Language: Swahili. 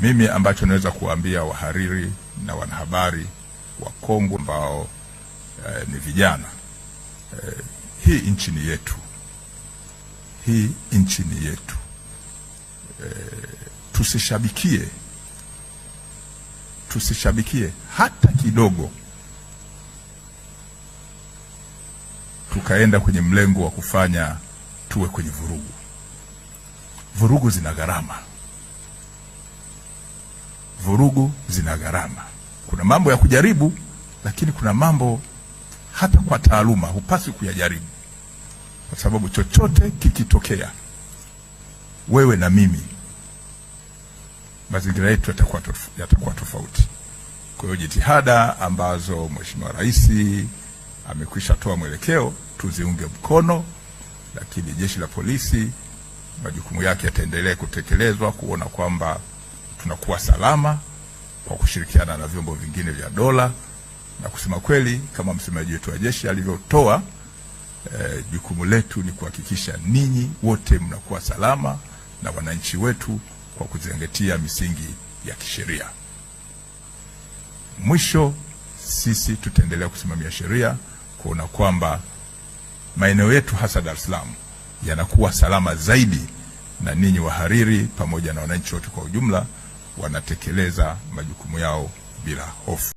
Mimi ambacho naweza kuwaambia wahariri na wanahabari wakongwe ambao eh, ni vijana eh, hii nchi ni yetu, hii nchi ni yetu eh, tusishabikie tusishabikie hata kidogo, tukaenda kwenye mlengo wa kufanya tuwe kwenye vurugu. Vurugu zina gharama vurugu zina gharama. Kuna mambo ya kujaribu, lakini kuna mambo hata kwa taaluma hupaswi kuyajaribu, kwa sababu chochote kikitokea, wewe na mimi, mazingira yetu yatakuwa tof yatakuwa tofauti. Kwa hiyo jitihada ambazo Mheshimiwa Rais amekwisha toa mwelekeo tuziunge mkono, lakini jeshi la polisi majukumu yake yataendelea kutekelezwa kuona kwamba tunakuwa salama kwa kushirikiana na vyombo vingine vya dola, na kusema kweli, kama msemaji wetu wa jeshi alivyotoa, eh, jukumu letu ni kuhakikisha ninyi wote mnakuwa salama na wananchi wetu kwa kuzingatia misingi ya kisheria. Mwisho, sisi tutaendelea kusimamia sheria kuona kwamba maeneo yetu hasa Dar es Salaam yanakuwa salama zaidi, na ninyi wahariri pamoja na wananchi wote kwa ujumla wanatekeleza majukumu yao bila hofu.